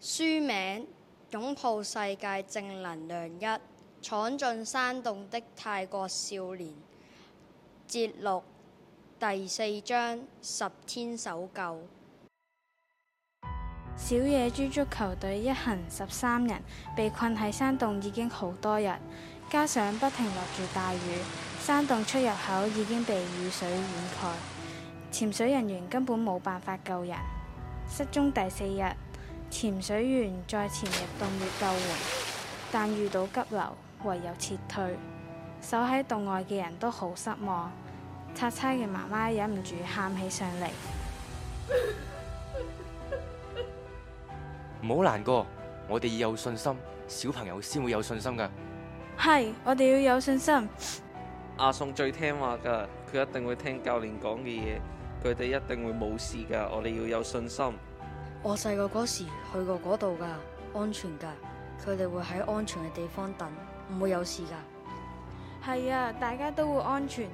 書名《擁抱世界正能量一》，闖進山洞的泰國少年節錄第四章十天搜救。小野豬足球隊一行十三人被困喺山洞，已經好多日，加上不停落住大雨，山洞出入口已經被雨水掩蓋，潛水人員根本冇辦法救人。失蹤第四日。潛水員再潛入洞穴救援，但遇到急流，唯有撤退。守喺洞外嘅人都好失望，拆差嘅媽媽忍唔住喊起上嚟。唔好 難過，我哋要有信心，小朋友先會有信心噶。係，我哋要有信心。 阿宋最聽話噶，佢一定會聽教練講嘅嘢，佢哋一定會冇事噶。我哋要有信心。我細個嗰時去過嗰度㗎，安全㗎，佢哋會喺安全嘅地方等，唔會有事㗎。係啊，大家都會安全。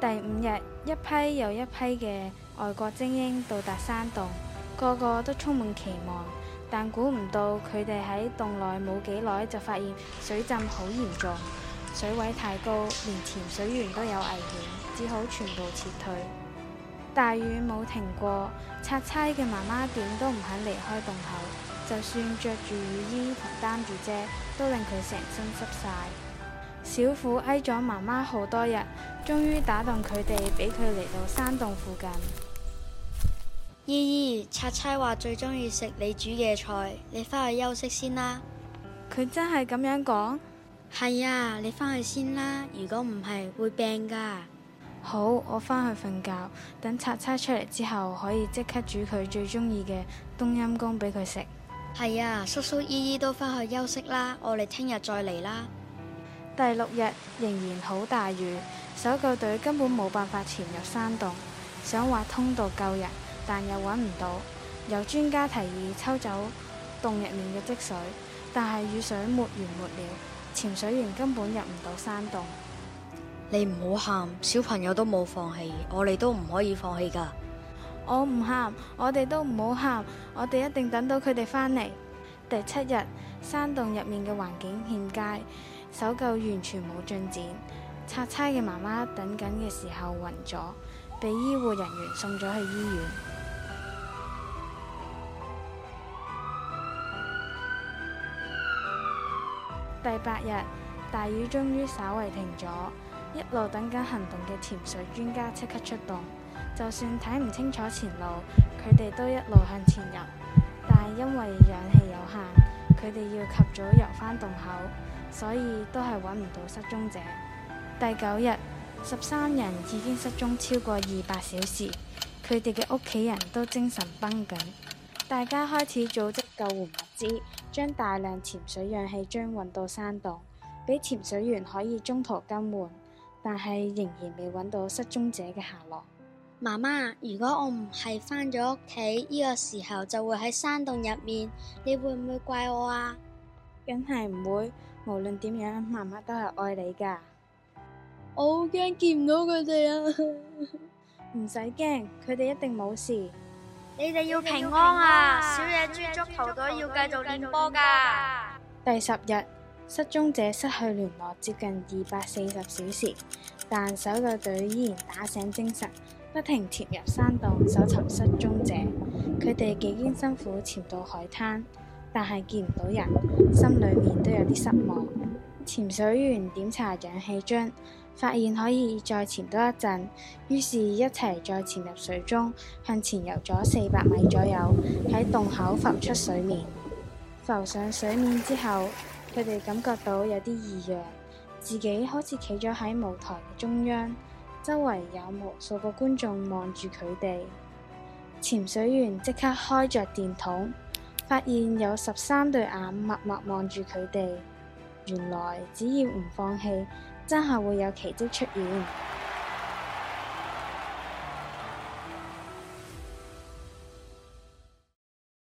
第五日，一批又一批嘅外國精英到達山洞，個個都充滿期望，但估唔到佢哋喺洞內冇幾耐就發現水浸好嚴重，水位太高，連潛水員都有危險，只好全部撤退。大雨冇停過，拆差嘅媽媽點都唔肯離開洞口，就算着住雨衣同擔住遮，都令佢成身濕晒。小虎哀咗媽媽好多日，終於打動佢哋，俾佢嚟到山洞附近。姨姨，拆差話最中意食你煮嘅菜，你返去休息先啦。佢真係咁樣講？係啊，你返去先啦，如果唔係會病噶。好，我返去瞓覺，等拆差出嚟之後，可以即刻煮佢最鍾意嘅冬陰功俾佢食。係啊，叔叔姨姨都返去休息啦，我哋聽日再嚟啦。第六日仍然好大雨，搜救隊根本冇辦法潛入山洞，想挖通道救人，但又揾唔到。有專家提議抽走洞入面嘅積水，但係雨水沒完沒了，潛水員根本入唔到山洞。你唔好喊，小朋友都冇放棄，我哋都唔可以放棄㗎。我唔喊，我哋都唔好喊，我哋一定等到佢哋返嚟。第七日，山洞入面嘅環境欠佳，搜救完全冇進展。拆差嘅媽媽等緊嘅時候暈咗，被醫護人員送咗去醫院。第八日，大雨終於稍為停咗。一路等緊行動嘅潛水專家即刻出動，就算睇唔清楚前路，佢哋都一路向前游。但係因為氧氣有限，佢哋要及早游返洞口，所以都係揾唔到失蹤者。第九日，十三人已經失蹤超過二百小時，佢哋嘅屋企人都精神繃緊。大家開始組織救援物資，將大量潛水氧氣樽運到山洞，俾潛水員可以中途更換。但係仍然未搵到失蹤者嘅下落。媽媽，如果我唔係翻咗屋企，呢個時候就會喺山洞入面，你會唔會怪我啊？梗係唔會，無論點樣，媽媽都係愛你噶。我好驚見唔到佢哋啊！唔使驚，佢哋一定冇事。你哋要平安啊！小野豬足球隊要繼續練波噶。第十日。失蹤者失去聯絡接近二百四十小時，但搜救隊依然打醒精神，不停潛入山洞搜尋失蹤者。佢哋幾經辛苦潛到海灘，但係見唔到人，心裡面都有啲失望。潛水員檢查氧氣樽，發現可以再潛多一陣，於是，一齊再潛入水中向前游咗四百米左右，喺洞口浮出水面。浮上水面之後。佢哋感覺到有啲異樣，自己好似企咗喺舞台嘅中央，周圍有無數個觀眾望住佢哋。潛水員即刻開着電筒，發現有十三對眼默默望住佢哋。原來只要唔放棄，真係會有奇蹟出現。